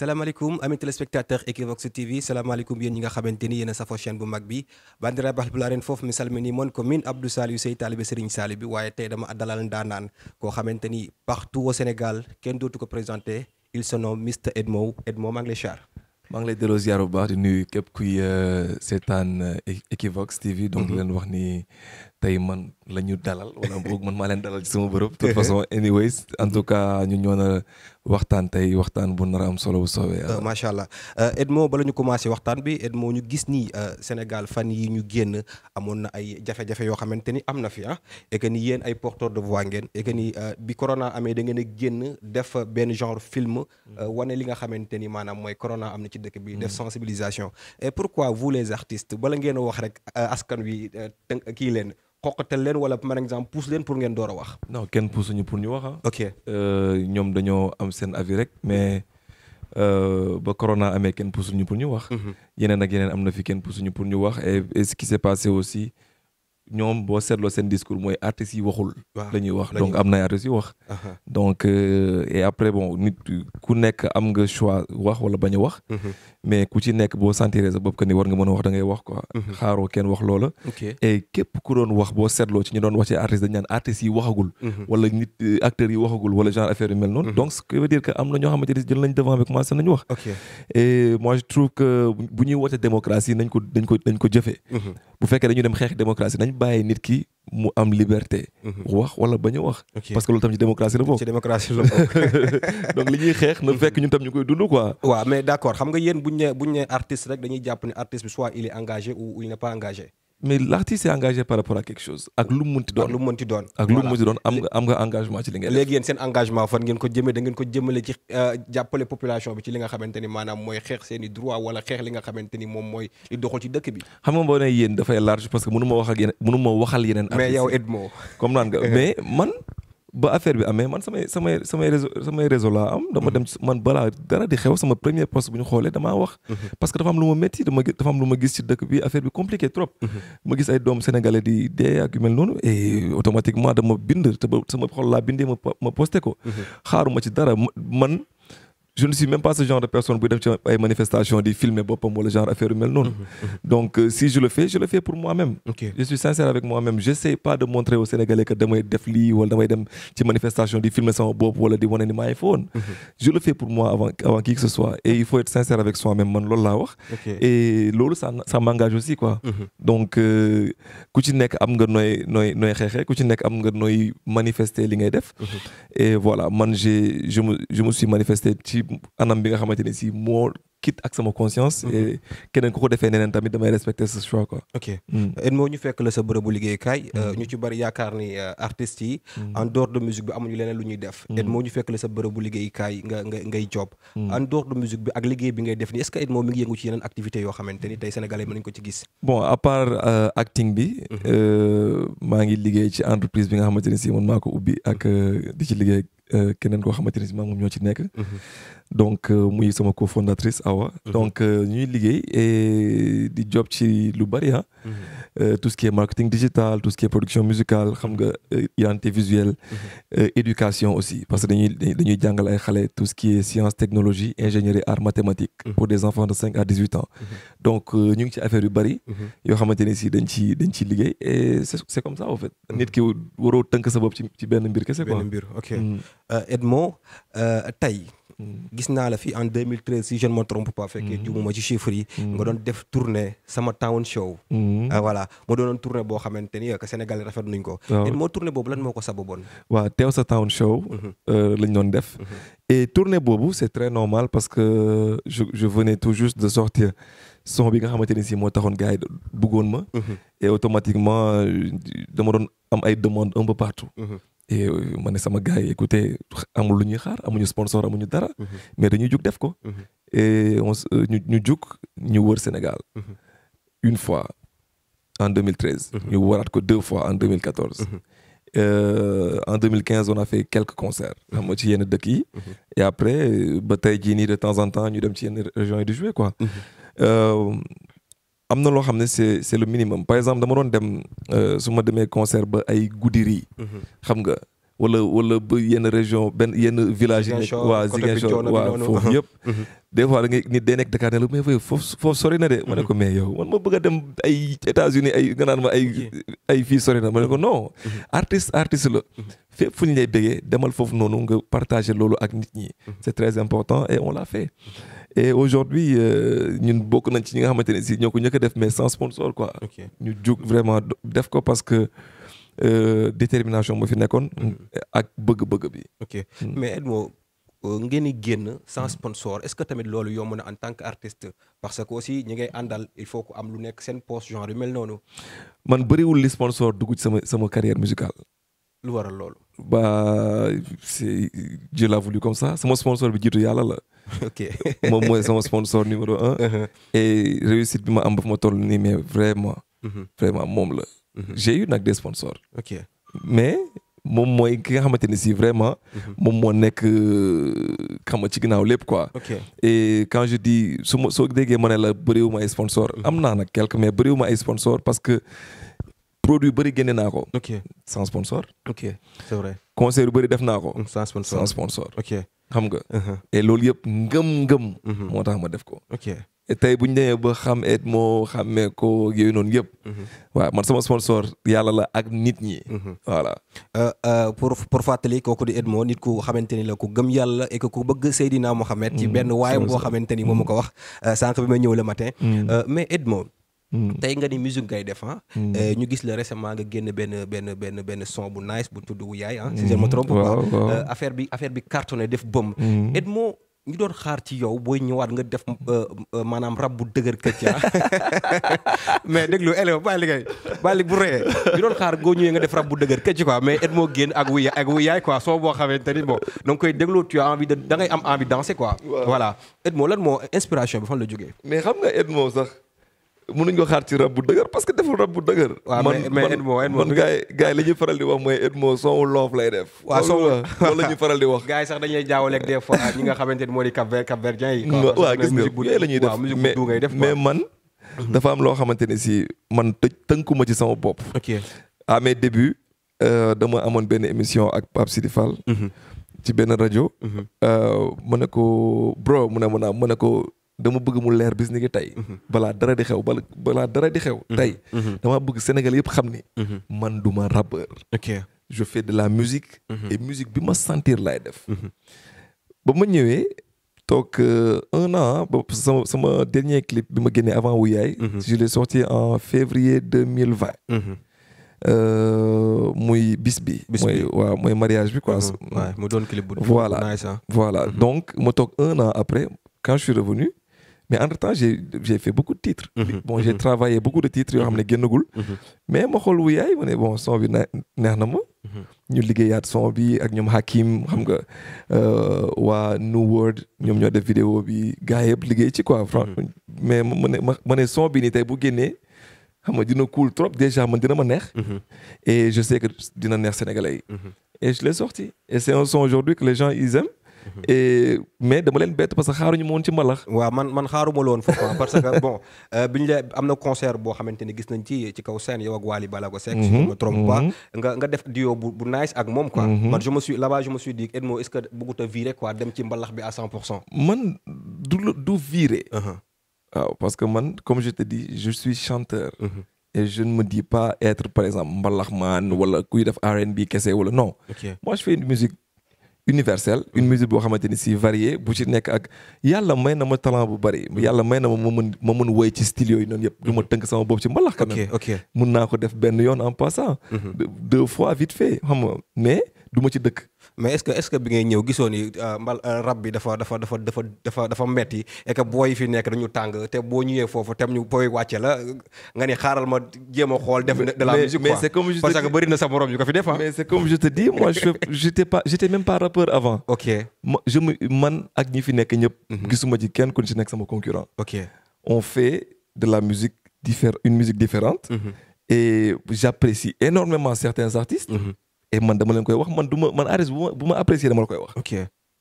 salaamaaleykum amis téléspectateurs Equivox TV salaamaaleykum yéen ñi nga xamante ni yéen a safoo chaîne bu mag bi bandira bax bu la ren foofu mi salmini moon ko min Abdou Saliou Sey taalibe Serigne Saliou bi waaye tey dama dalal ndaanaan koo xamante ni partout au Sénégal kenn dootu ko présenté il se nomme Mr Edmo Edmo maa ngi lay char maa ngi lay delloo ziar bu baax di nuyu képp kuy euh, seetaan euh, Equivox TV donc mhm. leen wax ni tey man la ñu dalal wala boog maa leen dalal ci sama bërëb. de toute façon anyways en tout cas ñu ñoo na waxtaan tey waxtaan bu nar am solo bu soobee. Euh, macha allah euh, Edmo bala ñu commencé waxtaan bi Edmo ñu gis ni euh, Sénégal fan yi ñu génn amoon na ay jafe-jafe yoo xamante ni am na fi ah et ni yéen ay porteur de voix ngeen et que ni bi corona amee da ngeen a génn def benn genre film. wane li nga xamante ni maanaam mooy corona am na ci dëkk bi. def mm. sensibilisation et pourquoi vous les bala ngeen a wax rek askan wi tënk kii leen. xoqatal leen wala par exemple pousse leen pour ngeen door a wax. non kenn pousse ñu pour ñu wax ah. Euh, ñoom dañoo am seen avis rek mais euh, ba corona amee kenn pousse ñu pour ñu wax. Mhm. yeneen ak yeneen am na fi kenn pousse ñu pour ñu wax et ce qui s'est passé aussi ñoom boo seetloo seen discours mooy artistes yi waxul. la ñuy wax donc am na ay artistes yi wax. donc euh, et après bon nit ku nekk am nga choix wax wala bañ a wax. Mhm. mais ku ci nekk boo sentiree sa bopp que ni war nga mën a wax da ngay wax quoi. Mhm. xaaroo kenn wax loola. et képp ku doon wax boo seetloo ci ñu doon wax ci artistes yi waxagul. Mhm. wala nit euh, acteurs yi waxagul wala genre affaire yu mel noonu. Mhm. donc ce veut dire que am na ñoo xamante ni jël nañ devant bi commencé nañu wax. et je trouve que bu ñuy woote démocratie nañ ko dañ ko dañ ko jëfee. bu fekkee dañu dem xeex démocratie nañ bàyyi nit ki. mu am liberté. Mhm. wax wala bañ a wax. parce que loolu tam ci démocratie la bokk. la bokk xeex na fekk ñun tam ñu koy dund quoi. waaw mais d' accord xam nga yéen buñ ne buñ rek dañuy jàpp ne artiste bi soit il est engagé ou il n' pas engagé. mais l'artiste est engagé par rapport à quelque chose ak lu mu munti doon ak lu mu munti doon. ak am nga engagement ci li ngeen. léegi seen engagement fan ngeen ko jëmee da ngeen ko jëmale ci euh, jàppale population bi ci li nga xamante ni maanaam mooy xeex seen i droit wala xeex li nga xamante ni moom mooy li doxal ci dëkk bi. xam nga boo nee yéen dafay large parce que mënu ma waxal yeneen. artistes mais yow man. ba affaire bi amee man samay samay samay réseau samay réseau laa am. dama mm-hmm. dem man balaa dara di xew sama premier poste bu ñu xoolee damaa wax. Mm-hmm. parce que dafa am lu ma métti dafa am lu ma gis ci dëkk bi affaire bi compliqué trop. Mm-hmm. ma gis ay doom sénégalais di dee ak yu mel noonu et automatiquement dama bind te ba sama xol laa bindee ma ma posté ko. xaaruma ci dara man. je ne suis même pas ce genre de personne buy def ci ay manifestation di filmer boppam wala genre affaire yu mel noonu mhm, mhm. donc euh, si je le fais je le fais pour moi-même je suis sincère avec moi-même j'essaie pas de montrer aux Sénégalais que damay def lii wala damay dem ci manifestation di filmer sama bopp wala di wane ni maa ngi mhm. je le fais pour moi avant qui que ce soit et il faut être sincère avec soi-même man loolu laa wax et loolu ça ça aussi quoi donc euh, ku nga nooy nooy nooy xeexee ku ci nekk am nga nooy manifester li ngay ci anam bi nga xamante ne si moo quitte ak sama conscience. Mhm. et keneen ku ko defee neneen tamit damay respecter ce choix quoi. ok mm. Edmo ñu fekk la sa bërëbu liggéeykaay. Mm. Euh, ñu ci bari yaakaar ni euh, artistes yi. Mm. en dehors de musique bi amuñu leneen lu ñuy def. moo ñu fekk la sa bërëbu liggéeykaay nga nga ngay job. en dehors de musique bi ak liggéey bi ngay def ni est-ce que Edmo mi ngi yëngu ci yeneen activités yoo xamante ni tey sénégalais mën euh, mhm. maa ngi liggéey ci entreprise bi nga xamante ne si man maa ko ubbi ak mhm. di ci liggéey. Euh, keneen koo xamante ni si moom ñoo ci nekk. Mhm. donc euh, muy sama cofondatrice Awa. Mhm. donc euh, ñuy liggéey e di job ci lu bari ah. mhm. Euh, tout ce qui est marketing digital tout ce qui est production musicale xam nga euh, identité visuelle mhm. euh, éducation aussi parce que dañuy dañuy jàngal ay xale tout ce qui est science technologie ingénierie art mathématique mhm. pour des enfants de cinq à dix huit ans mhm. donc ñu ngi ci affaire yu bari yoo xamante ne si dañ ci dañ ciy liggéey et c'est comme ça en fait nit ki waroo tënk sa bopp ci benn mbir kese quoi benn mbir ok mm. Edmond tay gis naa la fi en 2013 si je ne me trompe pas fekkee mm-hmm. jumuma ci chiffres yi mm-hmm. nga doon def tournée sama town show mm-hmm. ah, voilà mu doonoon tournée boo xamante ni que Sénégal rafet nuñ ko et moo tournée boobu lan moo ko sababoon waaw teew sa town show euh, lañ doon def et tournée boobu c'est très normal parce que je je venais tout juste de sortir soo bi nga xamante ni si moo taxoon gaa yi bëggoon ma et automatiquement euh, dama doon am ay demandes un peu partout et euh, ma ne sama gars yi écoutez amul lu ñuy xaar amuñu sponsor amuñu dara. Mhm. mais dañuy jug def ko. e on euh, ñu ñu jug ñu wër Sénégal. Mhm. une fois en 2013. ñu waraat ko deux fois en 2014. Euh, en 2015 on a fait quelques concerts. xam nga ci yenn dëkk yi. et après euh, ba tey jii nii de temps en temps ñu dem ci yenn régions yi di jouer quoi. am na loo xam ne c'est c'est le minimum par exemple dama doon dem euh, su ma demee concert ba ay Goudiri mhm. xam nga wala wala ba yenn région benn yenn village yi nekk waa Ziguinchor waa foofu yëpp mhm. des fois da ngay nit day nekk Dakar ne la mais foofu foofu sori de ma ne ko mhm. mais yow man ma a dem ay états ay ay fii sori ma ne ko non artiste artiste la fépp fu ñu lay bégee demal foofu noonu nga partager loolu ak nit ñi c'est très important et on l'a fait et aujourd'hui euh, ñun bokk nañ ci ñi nga xamante ne si ñoo ko njëkk def mais sans sponsor quoi. ñu jug vraiment def ko parce que euh, détermination moo fi nekkoon. Mm-hmm. ak bëgg-bëgg bi. ok mm. mais Edmo euh, ngeen di génn sans mm. sponsor est-ce que tamit loolu yomb na en tant que qu'artiste parce que aussi ñi ngay àndal il faut que am lu nekk seen poste genre yu mel noonu. man bëriwul li sponsor dugg ci sama sama carrière musicale. lu waral loolu. ba c'est Dieu l'a voulu comme ça sama sponsor bi jiitu yàlla la. ok moom mooy sama sponsor numéro un. Uh-huh. et réussite bi ma am ba fa ma toll nii mais vraiment. Mm-hmm. vraiment moom la. Mm-hmm. j'ai eu nag des sponsors. mais moom mooy ki nga xamante ne si vraiment. Mm-hmm. moom moo nekk euh, xam ci ginnaaw lépp quoi. et quand je dis soo déggee ma ne la bëriwuma ay sponsors. am naa nag quelques mais bëriwuma ay sponsors parce que. produit bëri génne naa ko. ok sans sponsor. ok c'est vrai. concert yu bëri def naa ko. Mm, sans sponsor sans sponsor. xam nga. Uh-huh. et loolu yëpp ngëm-ngëm. Mm-hmm. moo tax ma def ko. ok bu ñu demee ba xam et moo xamee ko yooyu noonu yëpp. Mm-hmm. waaw man sama sponsor yàlla la ak nit ñi. Mm-hmm. voilà. Euh, euh, pour pour fàttali kooku di Edmo nit ku xamante ni la ku gëm yàlla et que ku bëgg Seydina Mohamed. ci benn waayam boo xamante moom ma ko wax euh, sànq bi may ñëw le matin. mais Edmo. Mm. tey nga ni musique ngay def ah. mm. eh, ñu gis la récemment nga génn benn benn benn son bu nice bu tudd wu yaay ah. si je me mm. trompe euh, bi affaire bi cartonné def bëm. Edmo doon xaar ci yow booy ñëwaat nga def euh, euh, maanaam rab bu dëgër këcc ah. mais déglu élève bàyyi kay bàyyi bu rëyee ñu doon xaar ñëwee nga def rab bu dëgër këcc quoi mais Edmo génn ak wu ak wu yaay quoi soo boo xamante ni bon da nga koy déglu tu as envie de da ngay am envie danser quoi. voilà Edmo lan moo inspiration bi fan la jógee. mais xam nga Edmo sax. mënuñ ko xaar ci rab bu dëgër parce que deful rab bu dëgër. waaw mais mais Edmo Edmo man gars yi gars faral di wax mooy Edmo sonwu loof lay def. waaw sonwu loolu faral di wax. gars sax dañuy jaawaleeg des fois ñi nga xamante moo di Cap-Vert Cap-Verdien yi. waaw mais man. dafa am loo xamante ne si man tëj tënkuma ci sama bopp. ok à mes euh, dama amoon benn émission ak Pape Sidi Fall. Mhm. ci benn rajo. mu mhm. euh, ne ko bro mu ne ma naa mu ne ko. dama bëgg mu leer bis ni ki tey. Mhm. balaa dara di xew balaa dara di xew. Mhm. tey mhm. dama bëgg Sénégal yëpp xam ni. man du ma je fais de la musique. et musique bi ma sentir laay def. ba ma ñëwee toog euh, un an ba sama sama dernier clip bi ma génnee avant Wuyaay. je l'ai sorti en février euh, muy bis bi. bis bi mooy waaw mooy mariage bi quoi. mu doon clip bu voilà voilà donc ma toog un an après quand je suis revenu. mais entre temps j'ai j'ai fait beaucoup de titres mhm. bon j'ai mhm. travaillé beaucoup de titres yoo xam ne mhm. génnagul mais ma xool wu yaay ma ne bon bi na neex na ma ñu liggéeyaat son bi ak ñoom Hakim xam nga euh, waa New ñoom ñoo def bi gars yëpp liggéey ci quoi franc mais ma ne ma ne son bi nii tey bu génnee xam nga dina cool trop déjà man dina ma neex et je sais que dina neex sénégalais yi et je l'ai sorti et c'est un son aujourd'hui que les gens ils mais dama leen bett parce que xaaruñu moom woon ci mbalax waaw man man xaaruma la woon foofu parce que bon euh, bi ñu am na concert boo xamante ni gis nañ ci ci kaw scène yow ak Wally Ballago Seck mhm, si je me trompe pas mhm. nga nga def duo bu nice ak moom quoi mhm. man je me suis là-bas je me suis dit Edmo est-ce que bëggut a virer quoi dem ci mbalax bi à cent pour cent man du du uh-huh. parce que man comme je te dis je suis chanteur et je ne me pas être par exemple mbalaxmaan wala kuy def R&B kese wala non moi je fais une musique universelle une musique boo xamante ni si variée bu ci nekk ak yàlla may na ma talent bu bari hmm. yàlla may na ma ma mën ma mën woy ci style yooyu noonu yëpp du ma tënk sama bopp si mbalax quand même mën naa ko def benn yoon en passant hmm. deux fois vite fait xam nga mais duma ci dëkk mais est-ce que est-ce que bi ngay ñëw gisoo ni euh, mbal euh, rab bi dafa dafa dafa dafa dafa metti et que booy fi nekk dañu tàng te boo ñëwee foofu tam ñu booy wàcce la nga ni xaaral ma jéem a xool def de la musique quoi mais c'est comme je parce que bëri na sa ko fi def mais c'est comme je te dis moi je j'étais même pas rappeur avant ok man ak ñi fi nekk ñëpp mhm. gisuma ci kenn ku ci nekk sama concurrent ok on fait de la musique diffère une musique différente mm -hmm. et j'apprécie énormément certains artistes mm -hmm. e man dama leen koy wax man du ma man artiste bu ma bu ma apprécier dama la koy wax.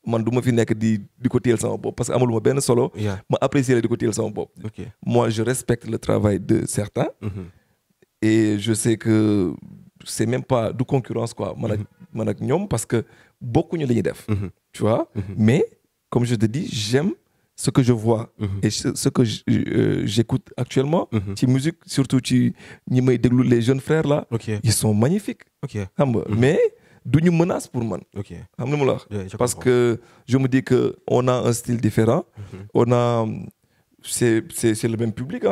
man du ma fi nekk di di ko téyel sama bopp parce que amalu ma benn solo. ma apprécier la di ko téyel sama bopp. ok moi je respecte le travail de certains. Mm-hmm. et je sais que c'est même pas du concurrence quoi. man ak mm-hmm. man ak ñoom parce que bokkuñu li ñuy def. Mm-hmm. tu vois mais comme je te dis j'aime ce que je vois mhm. et ce que euh, j'écoute actuellement mhm. ci musique surtout ci ñi may déglu les jeunes frères là ils sont magnifiques xam nga mhm. mais duñu menace pour man xam na mu la wax parce que je me dis que on a un style différent on a c'est c'est le même public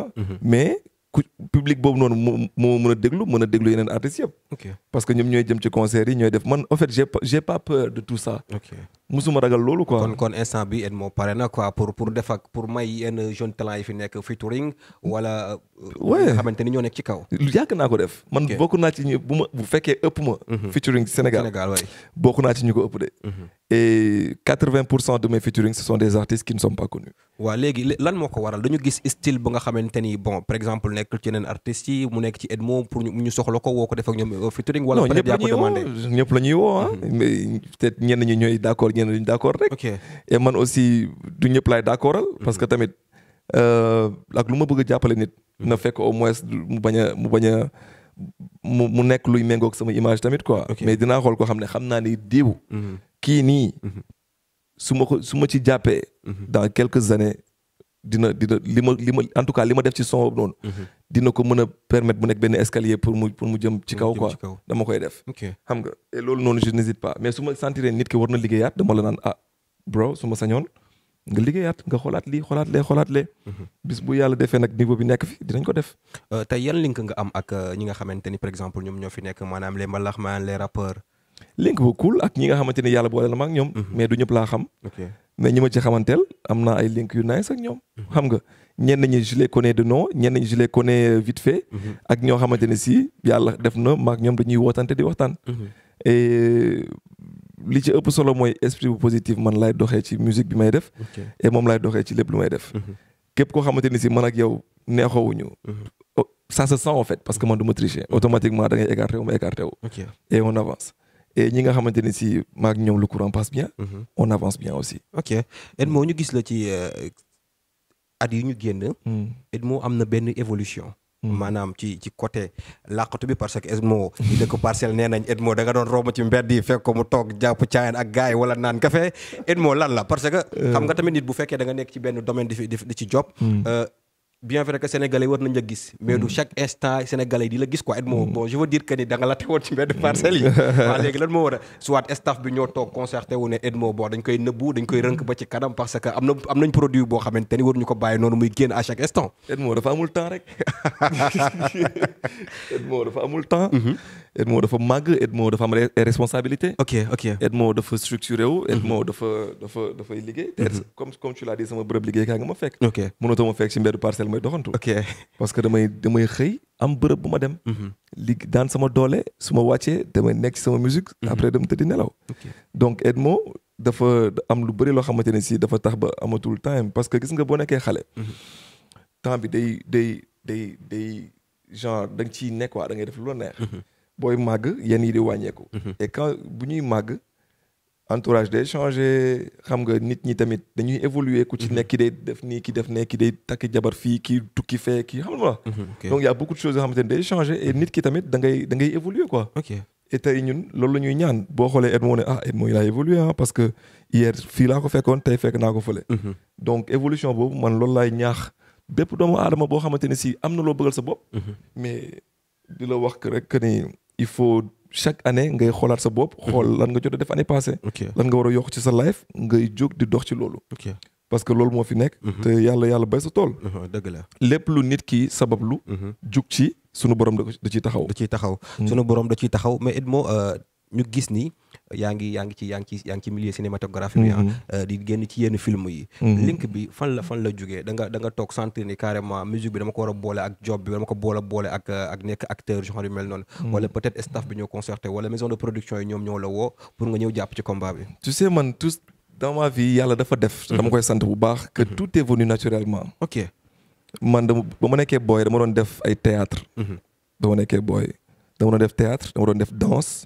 mais ku public boobu noonu moo moo mën a déglu mën a déglu yeneen artistes yëpp. ok parce que ñoom ñooy jëm ci yi ñooy def man en fait peur de tout ça. ok musuma loolu quoi. kon kon instant bi pare na quoi pour pour def ak pour may yenn jeune talent yi fi nekk featuring wala. waaye euh, nga xamante ni ñoo nekk ci kaw. yàgg naa ko def. man bokk naa ci ñu bu ma bu fekkee ëpp ma. Mhm. featuring Sénégal Sénégal naa ci ñu ko ëpp de. Mhm. et 80% de mes featuring ce sont des artistes qui ne sont pas connus. waaw léegi lan moo ko waral dañu gis style ba nga xamante ni bon par exemple nekk ci yeneen artistes yi mu nekk ci Edmo pour ñu soxla ko woo ko def ak ñoom euh, featuring. wala peut être yaa ko demandé ñëpp la ñuy woo ah. mhm. peut du ñëpp laay d' accordal. parce que mhm. tamit euh, ak lu ma bëgg jàppale nit. na mhm. fekk au moins mu bañ a mu bañ a. mu mu nekk luy méngoog sama image tamit quoi. mais dinaa xool ko xam ne xam naa ni diw. Mm-hmm. kii nii. Mm-hmm. su ma ko su ma ci jàppee. Mm-hmm. dans quelques années dina dina li ma li ma en tout cas li ma def ci son noonu. dina ko mën a permettre mu nekk benn escalier pour mu pour mu jëm ci kaw quoi dama koy def. xam nga et loolu noonu je n'hésite pas mais su ma sentiree nit ki war na liggéeyaat dama la naan ah bro su ma sañoon. nga liggéeyaat nga xoolaat li xolaat lee xoolaat lee. Mhm. bis bu yàlla defee nag niveau bi nekk fi dinañ ko def. Euh, te yan link nga am ak euh, ñi nga xamante ni par exemple ñoom ñoo fi nekk maanaam les mbalaxmaan les rappeurs. link bu cool ak ñi nga xamante ni yàlla boole na ma ñoom. Mhm. mais du ñëpp laa xam. mais ñi ma ci xamanteel am na ay link yu nice ak ñoom. Mhm. xam nga ñenn ñi je les connais de no ñenn ñi je les connais euh, vite fait. ak ñoo xamante ne si yàlla def na ma ak ñoom dañuy wootante di waxtaan. li ci ëpp solo mooy esprit bu positive man lay doxee ci musique bi may def. et moom laay doxee ci lépp lu may def. Mhm. képp koo xamante ni si man ak yow neexoowuñu. Mhm. ça sa sent en fait parce que man du ma automatiquement da ngay écarté wu ma et on nga xamante ni si maag ñoom le courant passe bien. Mhm. on avance bien aussi. ok Edmo ñu gis la ci euh, at yi ñu génn. Hmm. Edmo am na benn évolution. Mm. maanaam ci ci côté làqatu bi parce que moo ñu dëkk parcelle nee nañ Edmo da nga doon romb ci mbedd yi fekk ko mu toog jàpp caayan ak gars yi wala naan café Edmo lan la parce que euh. xam nga tamit nit bu fekkee danga nekk ci benn domaine di fi di ci job mm. euh, bien vrai que sénégalais war nañ la gis. mais du mm. chaque instant sénégalais di la gis quoi. Edmo mm. bon je a dire que ni da nga la teewoon ci mbedd parcelles yi. waaw léegi lan moo war a soit staff bi ñoo toog concerté wu ne Edmo bon dañ koy nëbbu dañ ci kanam parce que am na am nañ produit boo xamante ni waruñu ko bàyyi noonu muy génn à chaque instant. Edmo dafa amul temps rek amul temps. Mm-hmm. Edmo dafa màgg Edmo dafa am responsabilité. ok ok Edmo dafa structuré wu. Mhm. Edmo dafa dafa dafay liggéey. te mhm. comme comme tu l'as dit sama bërëb liggéey kaa nga ma fekk. ok mënatoo ma fekk si mbeddu parcelle may doxantu. ok parce que damay damay xëy am bërëb bu ma dem. Mhm. lig daan sama doole su ma wàccee damay nekk ci sama musique. après dem tëddi nelaw. donc Edmo dafa am lu bëri loo xamante ne si dafa tax ba amatul temps parce que gis nga boo nekkee xale. temps bi day day day day genre da nga nekk waa da ngay def lu la booy màgg yenn yi di wàññeeku. Mhm. et quand bu ñuy màgg entourage day changé xam nga nit ñi tamit dañuy évoluer ku ci mhm. nekk ki day def nii ki def ne ki day takk jabar fii ki tukki fee ki xam nga. Mhm, donc y' a xamante ne day changé et nit ki tamit da ngay da ngay évoluer quoi. ok et tey ñun loolu la ñuy ñaan boo xoolee Edmond ne ah Edmond il que hier fii laa ko fekkoon tey fekk naa ko fële. donc évolution boobu man loolu laay ñaax bépp doomu aadama boo xamante ne si am na loo bëggal sa bopp. mais di la wax rek que ni. il faut chaque année ngay xoolaat sa bopp. Mhm. xool lan nga jot a def année passée. lan nga war a yokk ci sa life ngay jóg di dox ci loolu. parce que loolu moo fi nekk. Mhm. te yàlla yàlla bay sa tool. Mhm, dëgg la lépp lu nit ki lu jug ci sunu borom da ciy taxaw. da ciy taxaw mm. sunu borom da ciy taxaw mais Edmo euh, ñu gis ni yaa ngi yaa ngi ci yaa ngi ci yaa ngi ci milieu cinématographique ah, mhm. euh, di génn ci yenn film yi mhm. link bi fan la fan la jógee da nga da nga toog centre ni carrément musique bi dama ko war a boole ak job bi dama ko boole boole ak euh, ak nekk acteur genre yu mel noonu mhm. wala peut-être staff bi ñoo concerté wala maison de production yi ñoom ñoo la woo pour nga ñëw jàpp ci combat bi tu sais man tous dans ma vie yàlla dafa def dama koy sant bu baax que tout est venu naturellement ok man dama ba ma nekkee booy doon def ay théâtre ba ma nekkee booy dama doon def doon def danse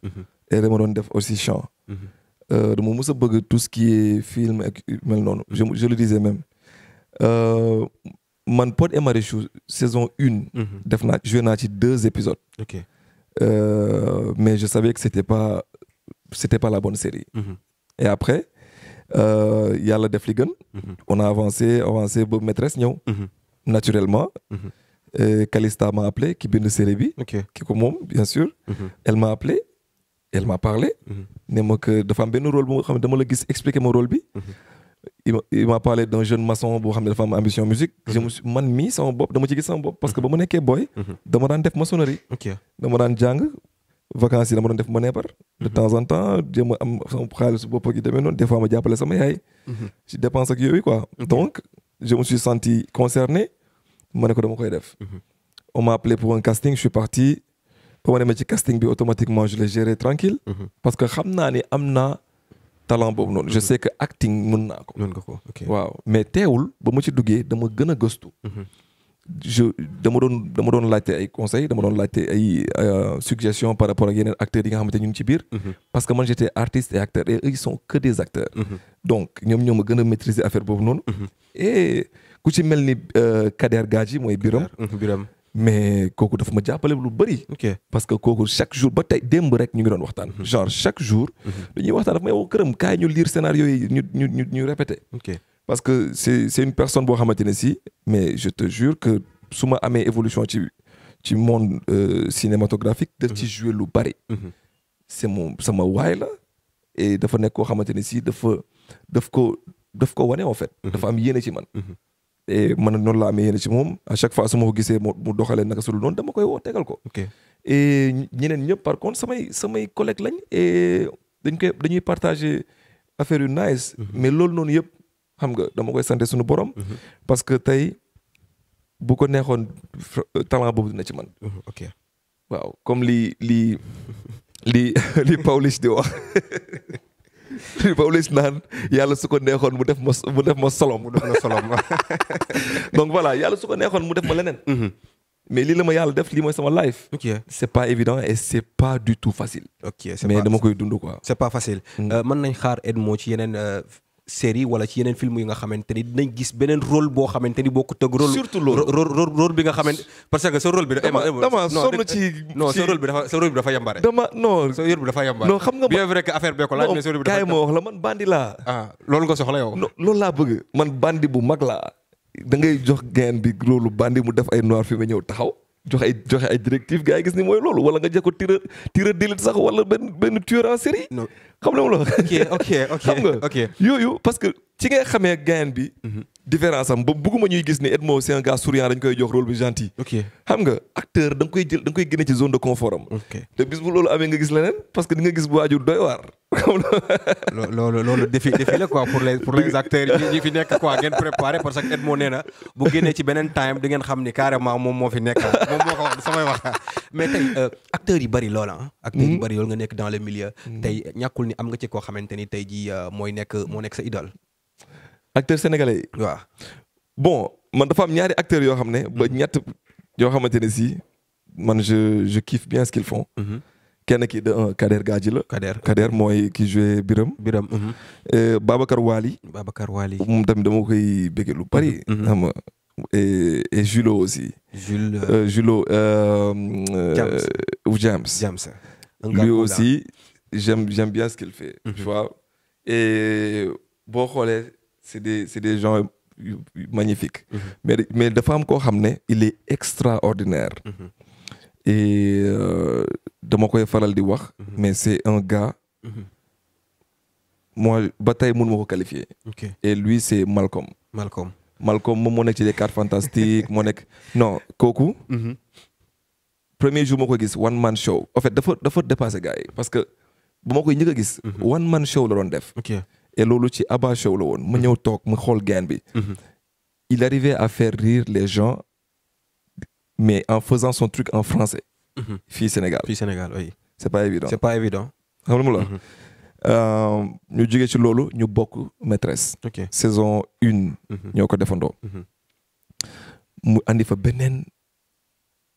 et dama doon def aussi chant. Mhm. Euh, dama mës a bëgg tout ce qui est film ak mel noonu. je je le disais même euh, man Pod et Marichou saison une. Mhm. def naa joué naa ci deux épisodes. ok euh, mais je savais que c'était pas c'était la bonne série. Mhm. et après yàlla def li gën. on a avancé avancé ba maîtresse ñëw. naturellement. Calista m'a appelé ki bind série bi. ki ko moom bien sûr. elle m'a appelé. elle m'a parlé. Mhm. ne ma que dafa am benn rôle bu nga xam ne dama ma rôle bi. Mhm. il m'a parlé d'un jeune maçon boo xam ne dafa am ambition musique. Mhm. je me suis man mii sama bopp dama ci gis sama bopp parce que ba ma nekkee booy. dama def maçonnerie. dama daan jàng vacances yi def ma de temps en temps jéem a am sama xaalis bopp ak yu demee fois ma jàppale sama yaay. ci dépense ak yooyu quoi. donc je me suis senti concerné ma ne dama koy def. on m'a pour un casting je parti. ba ma demee ci casting bi automatiquement je l'ai géré tranquille mhm. parce que xam naa ni am na talent boobu noonu je mhm. sais que acting mën naa ko. mën nga ko ok waaw mais teewul ba ma ci duggee dama gën a gëstu. Mhm. je dama doon dama doon laajte ay conseil dama doon laajte ay euh, suggestions par rapport ak yeneen acteurs yi nga xamante ñu ngi ci biir. parce que man j'étais artiste et acteur et eux ils sont que des acteurs. donc ñoom ñoo ma gën a maîtriser affaire boobu noonu. et ku ci mel ni euh, Kader Gadji mooy Biram Biram. mais kooku dafa ma jàppale lu bëri. parce que kooku chaque jour ba tey démb rek ñu ngi doon waxtaan. Mhm. genre chaque jour. Mhm. dañuy waxtaan dafa may woo këram kaay ñu lire scénario yi ñu ñu ñu ñu répété. parce que c'est c'est une personne boo xamante ne si mais je te jure que su ma amee évolution ci ci monde euh, cinématographique. daf ci mhm. jouer lu bëri. c'est mon sama waay la. et dafa nekk koo xamante ne si dafa daf ko daf ko wane en fait. dafa am yéene ci man. et a noonu laa amee yéene ci moom à chaque fois su ma ko gisee mu doxalee naka su dul noonu dama koy woo tegal ko. ok ñeneen ñëpp par contre samay samay collègues lañ. dañ koy dañuy partager affaire yu nice. Mhm. mais loolu noonu yëpp xam nga dama koy sant suñu borom. Mhm. parce que tey bu ko neexoon talent boobu dina ci man. Mhm, ok waaw comme li li li li Pawlish di wax. Pawlish naan yàlla su ko neexoon mu def ma mu def ma solom mu def ma solom donc voilà yàlla su ko neexoon mu def ma leneen. Mm-hmm. mais lii la ma yàlla def lii mooy sama life. ok c' est pas évident et c' pas du tout facile. mais dama koy dund quoi. c' est pas facile. Mm. Euh, mën nañ xaar moo ci yeneen. Euh, série wala ci yeneen film yi nga xamante ni dinañ gis beneen rôle boo xamante ni boo ko tëgg rôle surtout loolu rôle bi nga xamante parce que sa rôle bi dama dama sonn ci non sa rôle bi dafa sa rôle bi dafa yambare dama non sa rôle bi dafa yambare non xam nga bien vrai que affaire bi dafa kaay ma ah, loolu nga soxla yow loolu laa bëgg man bandi bu mag laa da ngay jox gain bi rôle bandi mu def ay noir fi ma ñëw taxaw joxe ay joxe ay directive gars yi gis ni mooy loolu wala nga jox ko tireur tireur d'élite sax wala benn benn tueur en série. xam nga loolu. ok ok ok xam nga yooyu parce que ci ngay xamee gayan bi. Mhm. différence am ba bëgguma ñuy gis ni Edmo c'est un gars dañ koy jox rôle bu gentil. ok xam nga acteur da nga koy jël da nga koy génne ci zone de confort am. te bis bu loolu amee nga gis leneen parce que di nga gis bu waajur doy waar. loolu loolu défi la quoi pour les pour les acteurs yi fi nekk quoi ngeen préparé parce que Edmo nee bu génnee ci beneen time di ngeen xam ni carrément moom moo fi nekk moom moo ko wax samay wax mais tey euh, acteurs yi bari loola ah. acteurs yi hmm. bari loolu nga nekk dans le milieu. Hmm. tey ñàkkul ni am nga ci koo xamante ni tey jii euh, mooy nekk moo nekk sa idole. acteur sénégalais yi. bon man dafa am ñaari acteurs yoo xam ne. ba mm-hmm. ñett yoo xamante ne si man je je bien ce qu'ils font. Mm-hmm. kenn ki de un Kader Gadji la. Kader mooy ki joué Biram. Biram. Mm-hmm. e euh, Wali. Babacar Wali moom tamit dama koy bëgg lu bari. xam nga Julo aussi. Euh, euh, Julo Julo. James James. lui aussi j'aime bien ce qu'il fait. tu vois boo xoolee. c'est des c'est des gens magnifiques. Mm mais dafa am koo xam ne il est extraordinaire. Mm-hmm. et euh, dama koy faral di wax. Mm-hmm. mais c'est un gas moi ba tey mun ma ko qualifier. Okay. et lui c'est Malcolm. Malcolm Malcolm moom moo nekk ci les quatre fantastiques moo nekk non kooku. premier jour ma ko gis one man show en fait dafa dafa dépassé gars yi parce que ba ma koy njëkk gis. one man show la doon def. Okay. et loolu ci Abba Show la woon mu ñëw toog mu xool gain bi mhm. il arrivait à faire rire les gens mais en faisant son truc en français mhm. fii Sénégal fii Sénégal oui c'est pas évident c'est pas évident xam nga mhm. euh, ñu jógee ci loolu ñu bokk maîtresse saison une ñoo ko defandoo mu andi fa beneen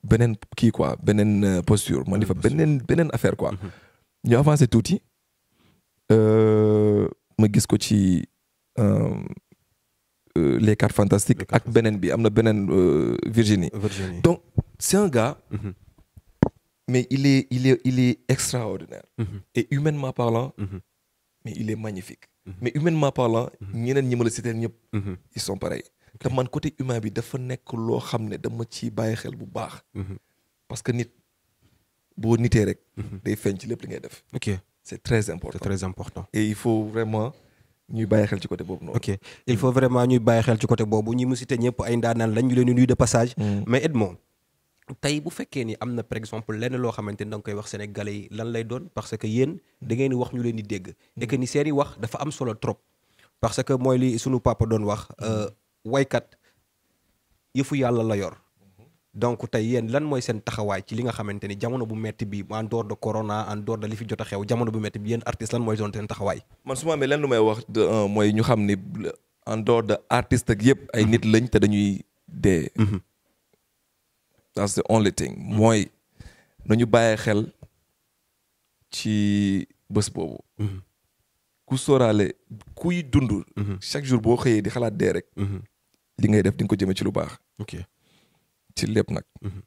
beneen kii koi beneen euh, posture mu andi fa beneen beneen affaire quoi ñu avancé tuuti euh, ma gis ko ci euh, euh, les quatre fantastiques ak beneen bi am na beneen euh, Virginie donc c'est un gars mm-hmm. mais il est il est il est extraordinaire mm-hmm. et humainement parlant mm-hmm. mais il est magnifique mais humainement parlant ñeneen ñi ma la citer ñëpp ils sont pareils te man côté humain bi dafa nekk loo xam ne dama ci bàyyi xel bu baax parce que nit boo nitee rek day feeñ ci lépp li ngay def c'est très important c'est très important. et il faut vraiment ñuy bàyyi xel ci côté boobu noonu. ok il faut vraiment ñuy bàyyi xel ci côté boobu ñi mu cité ñëpp ay ndaanaan lañ ñu leen di nuyu de passage. Mm. mais Edmond tey bu fekkee ni am na par exemple lenn loo xamante ni da nga koy wax gale yi lan lay doon parce que yéen da ngeen di wax ñu leen di dégg. Mm. et que ni wax dafa am solo trop. parce que mooy li sunu papa doon wax. Euh, waykat yëfu yàlla la yor. donc tey yéen lan mooy seen taxawaay ci li nga xamante ni jamono bu metti bi en dehors de corona en dehors li fi jot a xew jamono bu metti bi yéen artistes lan mooy doon seen taxawaay. man su ma amee lenn lu may wax euh, mooy ñu xam ni en dehors de artistes ak yëpp ay nit lañ te dañuy dee. Mhm. that's the only thing. mooy nañu bàyyi xel ci bés boobu. Mhm. ku sóoraale kuy dund. Mhm. chaque jour boo xëyee di xalaat dee rek. li ngay def di ko jëmee ci lu baax. ci lépp nag. Mhm.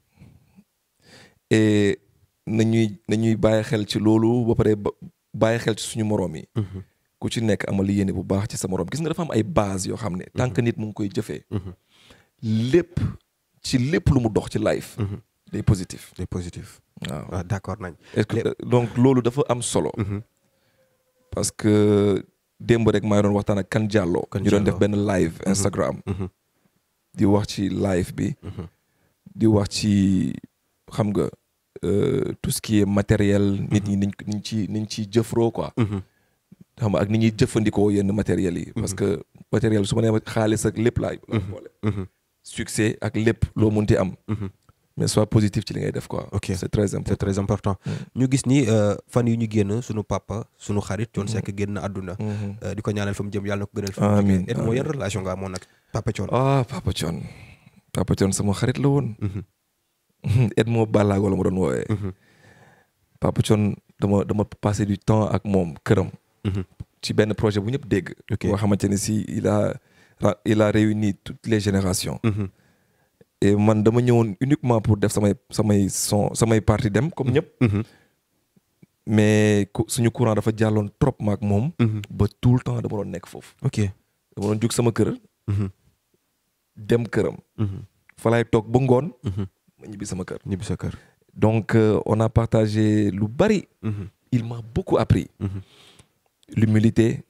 et nañuy nañuy bàyyi xel ci loolu ba pare ba bàyyi xel ci suñu moroom yi. Mhm. ku ci nekk amal yéene bu baax ci sa moroom gis nga dafa am ay base yoo xam ne. Mhm. tant nit mu ngi koy jëfee. lépp ci lépp lu mu dox ci life. day positif day positif. waaw ah, d'accord nañ. donc loolu dafa am solo. parce que démb rek maa ngi doon waxtaan ak kan Diallo. ñu doon def benn live Instagram. di wax ci live bi. di wax ci xam nga euh, tout ce qui est matériel. nit ñi mhm. niñ niñ ci niñ ci jëfroo quoi. Mhm. xam nga ak ni ñuy jëfandikoo yenn matériel yi. parce mhm. que matériel su ma nee xaalis ak lépp laay. succès ak lépp loo mun ti am. mais soit positif ci li def quoi. ok c'est très important c'est ñu gis ni euh, fan yu ñu génn sunu papa sunu xarit. Thione Seck génn àdduna. Euh, di ko ñaanal fa mu jëm yàlla na ko gënal. amiin amiin et moo yan relation nga amoon nag papa Thione. Ah, Papa Thione sama xarit la woon. Mhm. Edmo Balago la ma doon woowee. Mhm. Papa Thione dama dama passé du temps ak moom këram. Mhm. ci benn projet bu ñëpp dégg. boo xamante ne si il a il a réuni toutes les générations. et man dama ñëwoon uniquement pour def samay samay son samay parti dem comme ñëpp. mais suñu courant dafa jàlloon trop maak moom. ba tout le temps dama doon nekk foofu. ok dama doon jug sama kër. dem këram. Mhm. fa toog ba ngoon. Mhm. ma ñibbi sama kër. ñibbi sa kër. donc euh, on a partagé lu bari. Mhm. il m'a beaucoup appris. l'humilité.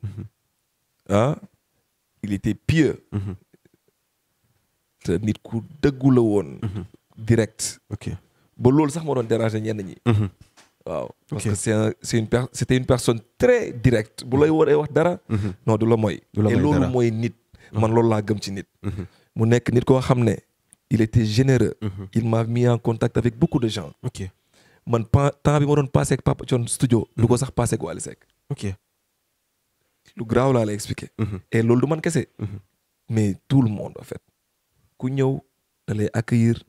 Ah, il était pieux. te nit ku dëggula woon. direct. ok ba loolu sax moo doon déranger ñenn ñi. waaw parce okay. que c'est une per c'était une personne très direct bu lay waree wax dara. non du la mooy. et loolu mooy nit. man loolu laa gëm ci nit. mu nekk nit koo xam ne il était généreux. Mhm. il m'a mis en contact avec beaucoup de gens. man temps bi ma doon passé ak Papa Thione studio. lu ko mhm. sax passé waal Wally Seck. ok lu graaw laa la expliqué. Mhm. et loolu du man kese. mais tout le monde en fait. ku ñëw da lay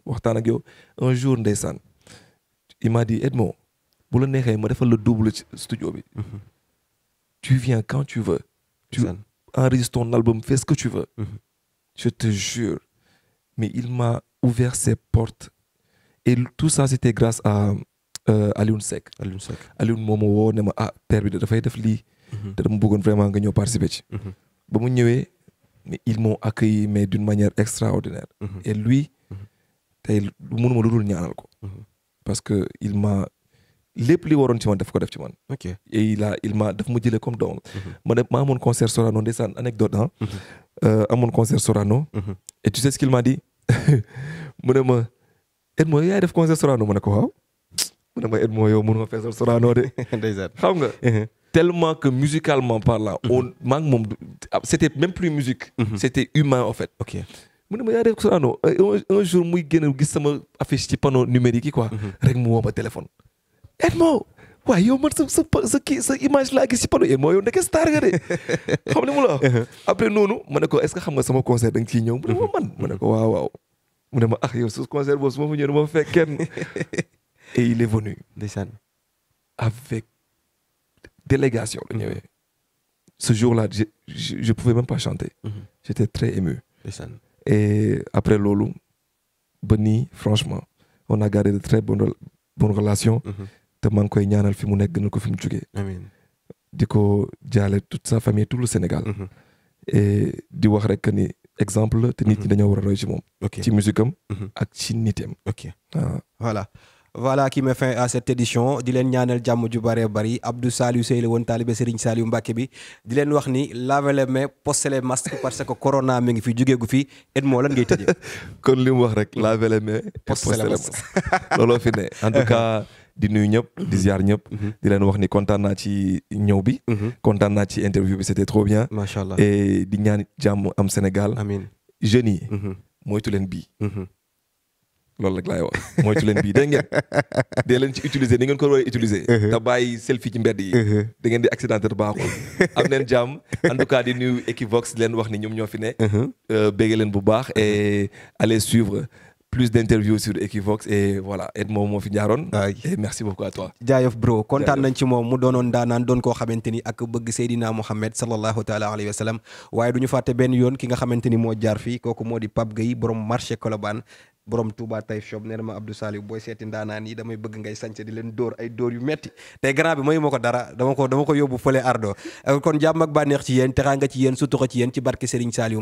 waxtaan ak yow un jour ndeysaan il m'a dit Edmond bu la neexee ma defal le double ci studio bi. tu viens quand tu veux. tu enregistres ton album fais que tu veux. Je te jure. Mais il m'a ouvert ses portes. Et tout ça, c'était grâce à euh, Alioune Seck. Alioune Seck Alioune moom moo woo ne ma ah père bi dafay def lii. Mhm. te dama bëggoon vraiment nga ñëw participer ci. Mhm. ba mu ñëwee mais ils m'ont accueilli mais d'une manière extraordinaire. Mhm. et lui tey mënuma lu dul ñaanal ko. parce que il m'a lépp li waroon ci man daf ko def ci man. ok et il il m'a daf ma jëlee comme doom. Mhm. ma ne ma amoon concert Sorano ndeysaan anecdote ah. amoon concert Sorano. Mhm. mu ne ma Edmo yaay def concert ma ne ko waaw. mu ne ma Edmo yow mënuma feesal de. xam nga. tellement que musicalement parlant. on maa ngi moom c'était même plus musique. c'était humain o fait. ok mu ne ma yaa def Sorano euh, un jour muy génn gis sama affice ci panneau numérique yi quoi. rek mu woo téléphone. Edmo waaye yow man sa image laa gis ci panneau Edmo yow ndeke star nga de xam mu la wax uh-huh. après noonu ma ne ko est-ce que xam nga sama concert da nga ciy ñëw mu ne ma uh-huh. man ma ne ko waaw waaw mu ne ma ah yow su concert boobu su ma fa ñëw dama fekk kenn et il est venu avec délégation la uh-huh. ñëwee ce jour-là je pouvais même pas chanter j'étais très ému et après loolu ba nii franchement on a de très bonnes relations te maa koy ñaanal fi mu nekk gënal ko fi mu jógee. amiin di ko jaale toute sa famille tout le Sénégal. e di wax rek ni exemple la te nit ñi mm-hmm. dañoo war a roy ci moom. ci musique am mm-hmm. ak ci nitam. ok ah. voilà. voilà qui met fin à cette édition di leen ñaanal jàmm ju bare bari Abdou Saliou Sey la woon taalibe Serigne Saliou Mbacké bi di leen wax ni lavez les mains postez les masques parce que corona mi ngi fi jógeegu fi et moo lan ngay tëjee. kon li mu wax rek lavez les mains. postez les fi ne en di nuyu ñëpp di mhm. ziar ñëpp mhm. di leen wax ni kontaan naa ci ñëw bi mhm. kontaan naa ci interview bi c'était trop bien macha allah di ñaan jàmm am Sénégal amiin jeunes yi moytu leen bii loolu rek laay wax moytu leen bii dégg ngeen dee leen ci utiliser ni ngeen ko war utiliser te bàyyi selfie ci mbedd yi da ngeen di accidenté baaxul am leen jàmm en tout cas di nuyu Equivox di leen wax ni ñoom ñoo fi ne euh, béggee leen bu baax et allez suivre plus d'interviews sur Equivox et voilà Edmo moo fi jaaroon. Ah, et bro kontaan nañ ci moom mu doonoon daanaan doon koo xamante ni ak bëgg Seydina Mohamed sallallahu taala alayhi wa sallam waaye du ñu fàtte benn yoon ki nga xamante ni moo jaar fii kooku moo di Pape Gueye borom marché Colobane borom Touba Taïf Shop nee na ma booy seeti ndaanaan yi damay bëgg ngay sañse di leen dóor ay dóor yu metti tey grand bi mayu ma dara dama ko dama ko yóbbu fële ardo euh, kon jàmm ak bànneex ci yéen teraanga ci yéen ci yéen ci barke Serigne Saliou